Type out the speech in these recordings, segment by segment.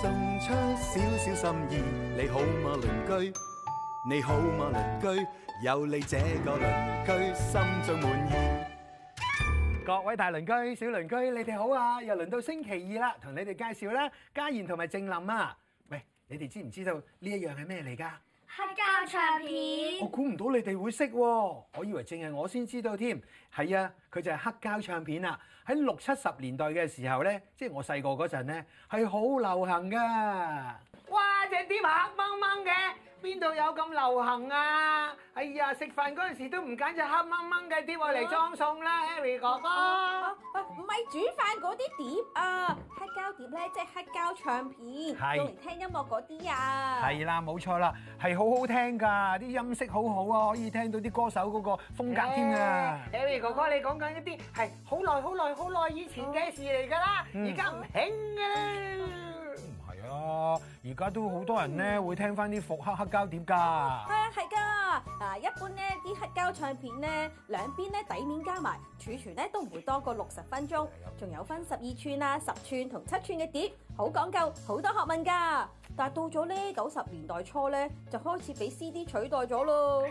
送出少少心意，你好嗎，鄰居？你好嗎，鄰，鄰居？有你這個鄰居，心中滿意。各位大鄰居、小鄰居，你哋好啊！又輪到星期二啦，同你哋介紹啦，嘉賢同埋正林啊！喂，你哋知唔知道呢一樣係咩嚟㗎？黑膠唱片，我估唔到你哋會識喎，我以為淨係我先知道添。係啊，佢、啊、就係黑膠唱片啊。喺六七十年代嘅時候呢，即係我細個嗰陣呢，係好流行噶。哇，隻碟黑掹掹嘅。邊度有咁流行啊？哎呀，食飯嗰陣時都唔揀隻黑掹掹嘅碟嚟裝餸啦，Harry 哥哥。喂，唔係煮飯嗰啲碟啊，黑膠碟咧即係黑膠唱片，係，用嚟聽音樂嗰啲啊。係啦，冇錯啦，係好好聽㗎，啲音色好好啊，可以聽到啲歌手嗰個風格添啊。Harry 哥哥，你講緊一啲係好耐好耐好耐以前嘅事嚟㗎啦，而家唔興㗎啦。啊！而家都好多人咧，會聽翻啲復刻黑膠碟噶。係啊、哦，係噶。嗱，一般咧啲黑膠唱片咧，兩邊咧底面加埋，儲存咧都唔會多過六十分鐘。仲有分十二寸啦、十寸同七寸嘅碟，好講究，好多學問噶。但係到咗咧九十年代初咧，就開始俾 CD 取代咗咯。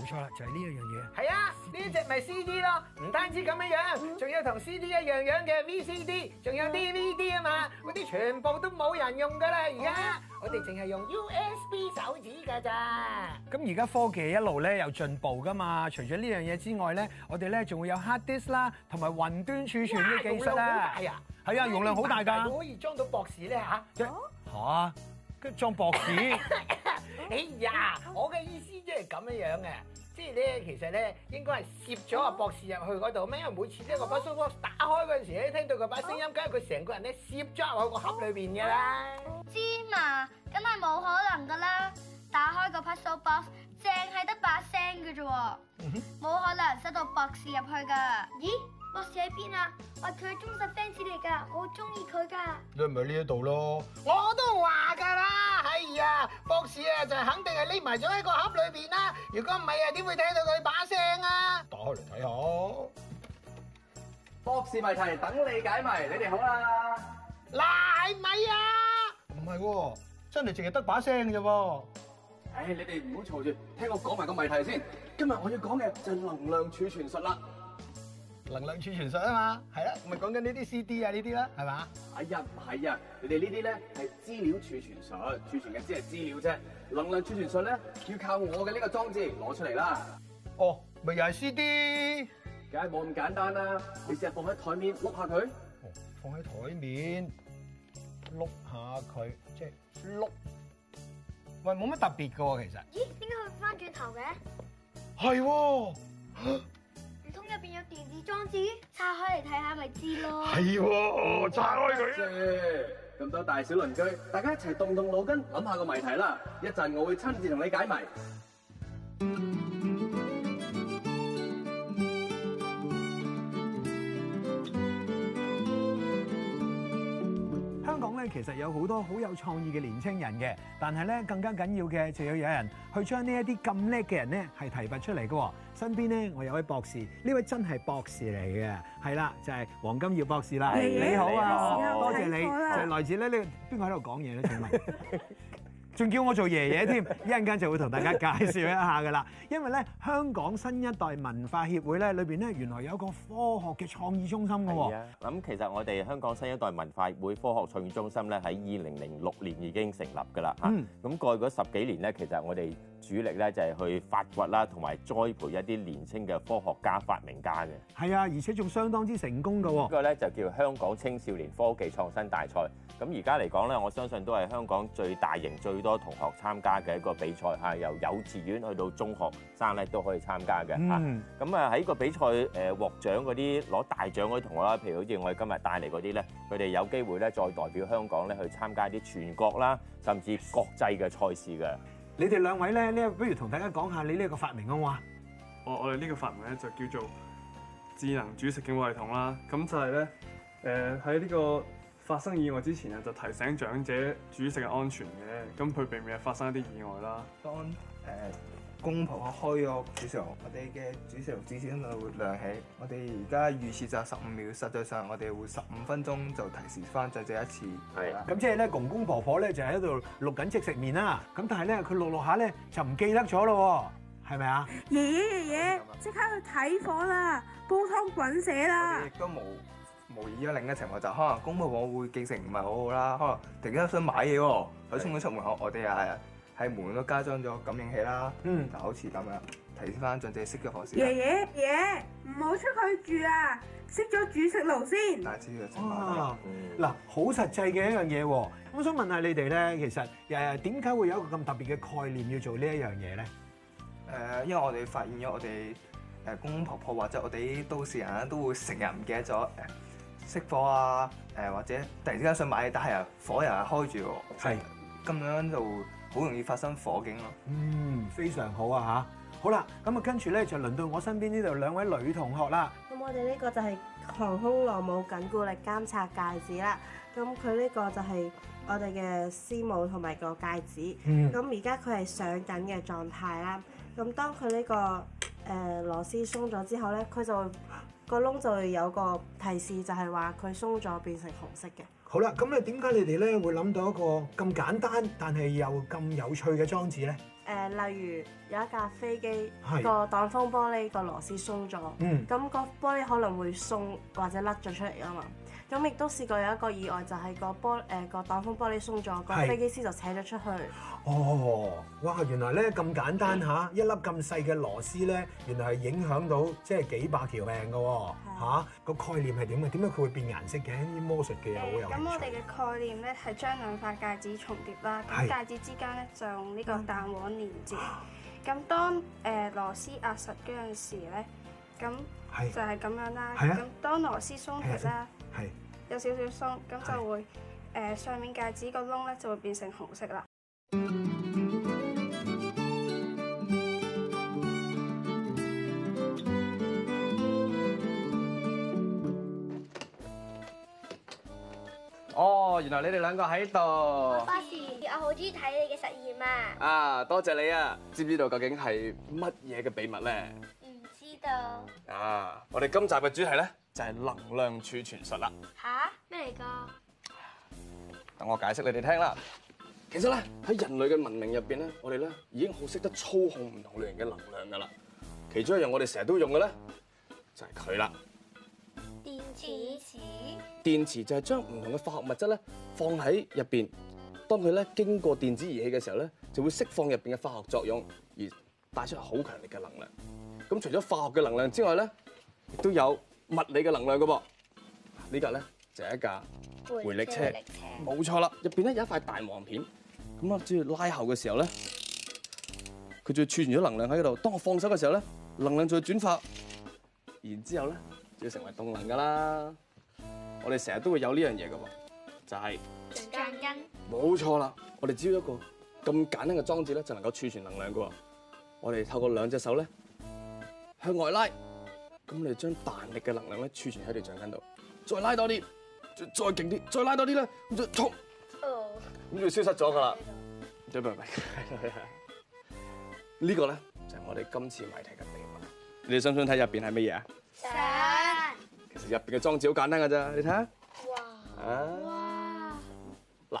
冇錯啦，就係呢一樣嘢。係啊，呢一隻咪 CD 咯，唔單止咁樣樣，仲有同 CD 一樣樣嘅 VCD，仲有 DVD 啊嘛，嗰啲全部都冇人用噶啦，而家。我哋淨係用 USB 手指噶咋。咁而家科技一路咧有進步噶嘛？除咗呢樣嘢之外咧，我哋咧仲會有 hard disk 啦，同埋雲端儲存嘅技術啦。係啊，係啊，容量好大噶。可以裝到博士咧吓？吓？跟住裝博士。哎呀，我嘅意思即係咁樣樣嘅，即係咧，其實咧應該係攝咗個博士入去嗰度咩？哦、因為每次咧個 puzzle box 打開嗰陣時，咧聽到佢把聲音，梗係佢成個人咧攝咗入喺個盒裏邊嘅啦。芝麻、哦，咁係冇可能噶啦！打開個 puzzle box。淨係得把聲嘅啫，冇可能塞到博士入去噶。咦，博士喺邊啊？話佢係忠實 fans 嚟噶，我好中意佢噶。咁咪呢一度咯。我都話噶啦，係啊，博士啊就肯定係匿埋咗喺個盒裏邊啦。如果唔係啊，點會聽到佢把聲啊？打開嚟睇下，博士謎題等你解謎。你哋好啦，嗱，係咪啊？唔係喎，真係淨係得把聲嘅啫。唉、哎，你哋唔好嘈住，聽我講埋個謎題先。今日我要講嘅就係能量儲存術啦。能量儲存術啊嘛，係啊，咪講緊呢啲 C D 啊呢啲啦，係嘛？哎呀唔係啊，你哋呢啲咧係資料儲存術，儲存嘅即係資料啫。能量儲存術咧要靠我嘅呢個裝置攞出嚟啦。哦，咪又係 C D？梗係冇咁簡單啦，你試下放喺台面碌下佢，哦，放喺台面碌下佢，即係碌。喂，冇乜特別噶喎，其實。咦？點解佢會翻轉頭嘅？係喎。唔通入邊有電子裝置？拆開嚟睇下咪知咯。係喎，拆開佢先。咁多大小鄰居，大家一齊動動腦筋，諗下個謎題啦！一陣我會親自同你解謎。其實有好多好有創意嘅年青人嘅，但係咧更加緊要嘅，就要有人去將呢一啲咁叻嘅人咧係提拔出嚟噶、哦。身邊咧我有位博士，呢位真係博士嚟嘅，係啦就係、是、黃金耀博士啦。的你好啊，好好多謝你，就係來自咧呢邊個喺度講嘢咧？請問？ 仲叫我做爺爺添，一陣間就會同大家介紹一下噶啦。因為咧，香港新一代文化協會咧裏邊咧，原來有個科學嘅創意中心嘅喎、哦。咁的其實我哋香港新一代文化協會科學創意中心咧，喺二零零六年已經成立噶啦。咁、嗯、過去十幾年咧，其實我哋主力咧就係去發掘啦，同埋栽培一啲年青嘅科學家、發明家嘅。係啊，而且仲相當之成功噶喎。呢個咧就叫香港青少年科技創新大賽。咁而家嚟講咧，我相信都係香港最大型、最多同學參加嘅一個比賽吓，由幼稚園去到中學生咧都可以參加嘅吓。咁啊喺個比賽誒獲獎嗰啲攞大獎嗰啲同學啦，譬如好似我哋今日帶嚟嗰啲咧，佢哋有機會咧再代表香港咧去參加啲全國啦，甚至國際嘅賽事嘅。你哋兩位咧，呢不如同大家講下你呢個發明啊嘛！好，我哋呢個發明咧就叫做智能煮食警報系統啦，咁就係咧誒喺呢個發生意外之前啊，就提醒長者煮食嘅安全嘅，咁佢並未發生一啲意外啦。Don? 呃公婆開咗煮食爐時我哋嘅煮食爐指示燈就會亮起。我哋而家預設就十五秒，實際上我哋會十五分鐘就提示翻，就再一次。係啊的。咁、嗯、即係咧，公公婆婆咧就喺度錄緊即食麵啦。咁但係咧，佢錄錄下咧就唔記得咗咯，係咪啊？爺爺爺爺，即刻樣去睇火啦，煲湯滾瀉啦。我亦都模模擬咗另一情況，就可能公婆婆會記性唔係好好啦，可能突然間想買嘢喎，佢的衝咗出門口，我哋又係。喺門都加裝咗感應器啦，嗱好似咁樣，提示翻盡即熄嘅火線。爺爺爺唔好出去住啊！熄咗煮食爐先。大志嘅哇，嗱好、啊嗯啊、實際嘅一樣嘢喎。我想問下你哋咧，其實誒點解會有一個咁特別嘅概念要做呢一樣嘢咧？誒，因為我哋發現咗，我哋誒公公婆婆或者我哋都市人都會成日唔記得咗熄火啊，誒或者突然之間想買嘢，但係啊火又係開住喎，係咁的樣就。好容易發生火警咯，嗯，非常好啊吓，好啦，咁啊跟住咧就輪到我身邊呢度兩位女同學啦。咁我哋呢個就係航空螺母緊固力監察戒指啦。咁佢呢個就係我哋嘅絲母同埋個戒指。咁而家佢係上緊嘅狀態啦。咁當佢呢個誒螺絲鬆咗之後咧，佢就、個窿就會有個提示，就係話佢鬆咗變成紅色嘅。好啦，咁咧點解你哋咧會諗到一個咁簡單但係又咁有趣嘅裝置咧？誒、呃，例如有一架飛機個是擋風玻璃個螺絲鬆咗，咁、嗯、個玻璃可能會鬆或者甩咗出嚟啊嘛。咁亦都試過有一個意外，就係、是、個玻誒、個擋風玻璃鬆咗，個飛機師就扯咗出去。哦，哇！原來咧咁簡單嚇的、啊，一粒咁細嘅螺絲咧，原來係影響到即係幾百條命噶嚇。的啊個概念係點嘅？點解佢會變顏色嘅？魔術嘅好有，咁我哋嘅概念咧係將兩塊戒指重疊啦，咁戒指之間咧就用呢個彈簧連接。咁、啊、乾淤當誒螺絲壓實嗰陣時咧。咁就係咁樣啦。咁當螺絲鬆脫啦，有少少鬆，咁就會誒上面戒指個窿咧就會變成紅色啦。哦，原來你哋兩個喺度。我發誓，我好中意睇你嘅實驗啊！啊，多謝你啊！知唔知道究竟係乜嘢嘅秘密咧？啊！我哋今集嘅主題咧就係、是、能量儲存術啦。吓、啊？咩嚟噶？等我解釋你哋聽啦。其實咧喺人類嘅文明入邊咧，我哋咧已經好識得操控唔同類型嘅能量噶啦。其中一樣我哋成日都用嘅咧就係佢啦。電池？電池就係將唔同嘅化學物質咧放喺入邊，當佢咧經過電子儀器嘅時候咧，就會釋放入邊嘅化學作用而。帶出好強力嘅能量，咁除咗化學嘅能量之外咧，亦都有物理嘅能量噶噃。這個、呢架咧就係、一架回力車，冇錯啦。入邊咧有一塊彈簧片，咁啦，只要拉後嘅時候咧，佢就儲存咗能量喺度。當我放手嘅時候咧，能量就轉化，然之後咧就要成為動能噶啦。我哋成日都會有呢樣嘢噶噃，就係橡筋。冇錯啦，我哋只要一個咁簡單嘅裝置咧，就能夠儲存能量噶。我哋透過兩隻手咧向外拉，咁你將彈力嘅能量咧儲存喺條橡筋度，再拉多啲，再再勁啲，再拉多啲咧，咁就衝，咁就消失咗噶啦，明唔明？呢個咧就係我哋今次謎題嘅地方，你哋想唔想睇入邊係乜嘢啊？想。其實入邊嘅裝置好簡單噶咋，你睇下。哇。啊。哇。嗱，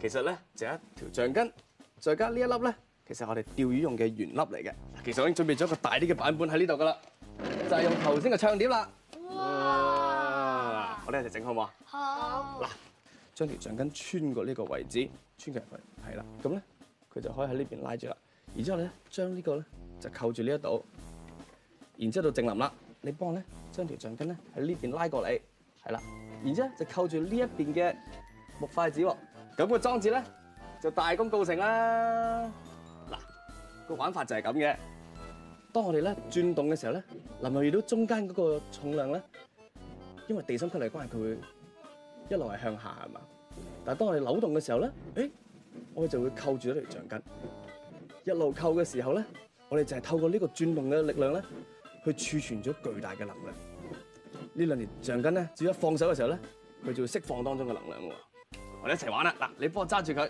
其實咧就一條橡筋，再加呢一粒咧。其實我哋釣魚用嘅原粒嚟嘅，其實我已經準備咗一個大啲嘅版本喺呢度㗎啦，就係用頭先嘅唱碟啦。哇！我哋一齊整好唔好啊？好。嗱，將條橡筋穿過呢個位置，穿入去係啦。咁咧，佢就可以喺呢邊拉住啦。然之後咧，將呢個咧就扣住呢一度，然之後到靜林啦，你幫我咧將條橡筋咧喺呢邊拉過嚟，係啦。然之後就扣住呢一邊嘅木筷子喎，咁個裝置咧就大功告成啦。個玩法就係咁嘅。當我哋咧轉動嘅時候咧，能唔能遇到中間嗰個重量咧，因為地心吸引力關係，佢會一路係向下係嘛。但係當我哋扭動嘅時候咧，誒，我哋就會扣住呢條橡筋。一路扣嘅時候咧，我哋就係透過呢個轉動嘅力量咧，去儲存咗巨大嘅能量。兩條呢兩條橡筋咧，只要一放手嘅時候咧，佢就會釋放當中嘅能量。我哋一齊玩啦！嗱，你幫我揸住佢。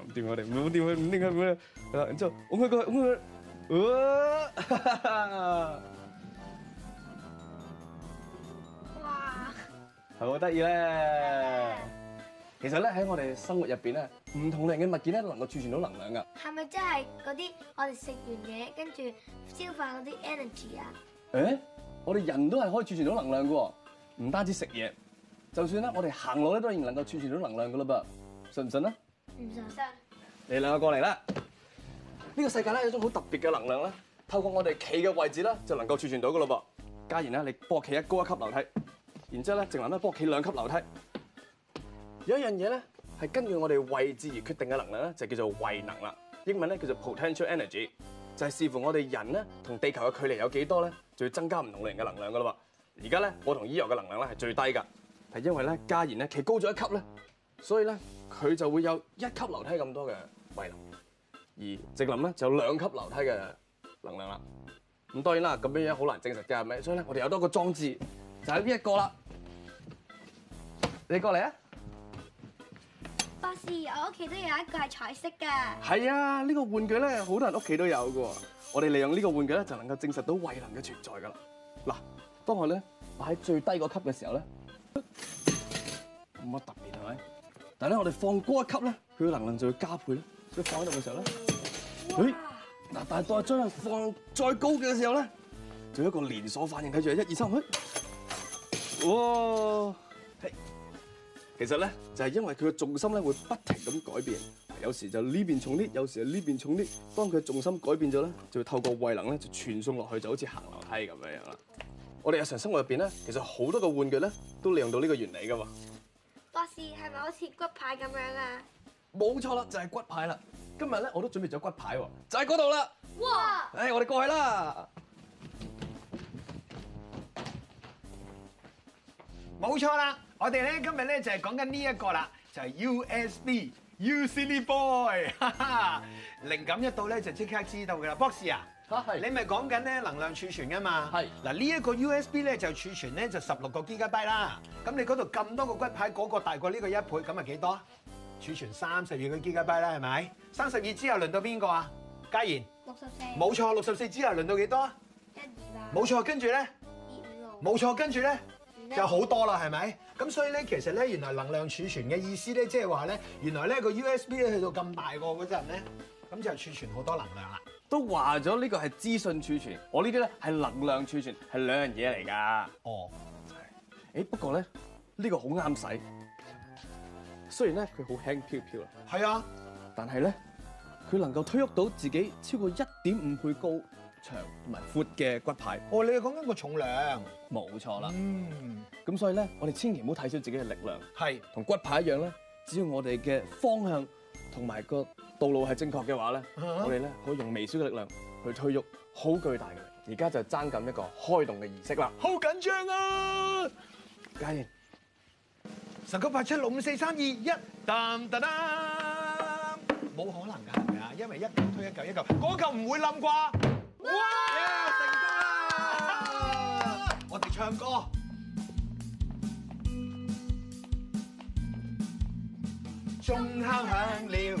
唔掂我哋？唔掂我？唔定係咩？就五個五個，哇！好得意咧。其實咧，喺我哋生活入邊咧，唔同類型嘅物件咧，能夠儲存到能量㗎。係咪真係嗰啲我哋食完嘢跟住消化嗰啲 energy 啊？誒，我哋人都係可以儲存到能量㗎。唔單止食嘢，就算咧我哋行路咧，都仍然能夠儲存到能量㗎啦噃。信唔信咧？你兩個過嚟啦！呢個世界咧，有種好特別嘅能量咧，透過我哋企嘅位置咧，就能夠儲存到噶咯噃。嘉賢咧，你博企一高一級樓梯，然之後咧，靜南咧博企兩級樓梯。有一樣嘢咧係根據我哋位置而決定嘅能量咧，就叫做位能啦。英文咧叫做 potential energy，就係視乎我哋人咧同地球嘅距離有幾多咧，就要增加唔同類型嘅能量噶咯噃。而家咧我同 Eo 嘅能量咧係最低噶，係因為咧嘉賢咧企高咗一級咧。所以咧，佢就會有一級樓梯咁多嘅位能，而直林咧就有兩級樓梯嘅能量啦。咁當然啦，咁樣樣好難證實嘅，係咪？所以咧，我哋有多個裝置，就係呢一個啦。你過嚟啊！博士，我屋企都有一個係彩色嘅。係啊，呢個玩具咧，好多人屋企都有嘅喎。我哋利用呢個玩具咧，就能夠證實到位能嘅存在㗎啦。嗱，當我咧擺最低個級嘅時候咧，冇乜特別。但係咧，我哋放高一級咧，佢嘅能量就會加倍，所以放喺度嘅時候咧，嗱哇、哎，但係當將佢放再高嘅時候咧，就有一個連鎖反應，睇住一二三，1, 2, 3, 去，哇！係，其實咧就係、是、因為佢嘅重心咧會不停咁改變，有時就呢邊重啲，有時就呢邊重啲，當佢重心改變咗咧，就會透過位能咧就傳送落去，就好似行樓梯咁樣樣啦。我哋日常生活入邊咧，其實好多個玩具咧都利用到呢個原理㗎嘛。博士係咪好似骨牌咁樣啊？冇錯啦，就係骨牌啦。今日咧，我都準備咗骨牌，就喺嗰度啦。哇！誒，我哋過去啦。冇錯啦，我哋咧今日咧就係講緊呢一個啦，就係 USB U C L Boy。哈哈，靈感一到咧就即刻知道噶啦，博士啊！你咪講緊咧能量儲存啊嘛，係嗱呢一個 USB 咧就儲存咧就十六個 GigaByte 啦，咁你嗰度咁多個骨牌，嗰、嗰個大過呢個一倍，咁係幾多？儲存三十二個 GigaByte 啦，係咪？三十二之後輪到邊個啊？嘉言，六十四，冇錯，六十四之後輪到幾多？一二八，冇錯，跟住咧，二五六，冇錯，跟住咧就好多啦，係咪？咁所以咧其實咧原來能量儲存嘅意思咧即係話咧原來呢個 USB 咧去到咁大個嗰陣咧，咁就係儲存好多能量啦。都話咗呢個係資訊儲存，我呢啲咧係能量儲存，係兩樣嘢嚟㗎。哦，係、欸。誒不過咧，呢、呢個好啱使。雖然咧佢好輕飄飄啊，係啊。但係咧，佢能夠推喐到自己超過一點五倍高長同埋闊嘅骨牌。哦，你係講緊個重量。冇錯啦。嗯。咁所以咧，我哋千祈唔好睇小自己嘅力量。係是。同骨牌一樣咧，只要我哋嘅方向同埋個道路係正確嘅話咧，我哋咧可以用微小嘅力量去推喐好巨大嘅力。而家就爭緊一個開動嘅儀式啦，好緊張啊！嘉言，十九八七六五四三二一，得唔得啊？冇可能㗎係咪啊？因為一嚿推一嚿，一嚿嗰嚿唔會冧啩？哇！成功啦！我哋唱歌，鐘敲響了。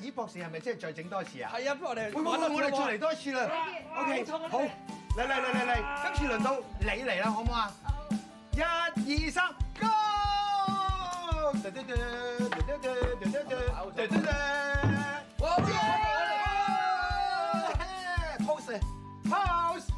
咦，博士係咪即係再整多次啊？係啊，我哋我我我哋再嚟多一次啦。OK，好，嚟嚟嚟嚟嚟，今次輪到你嚟啦，好唔好啊？一、二、三，Go！House，House。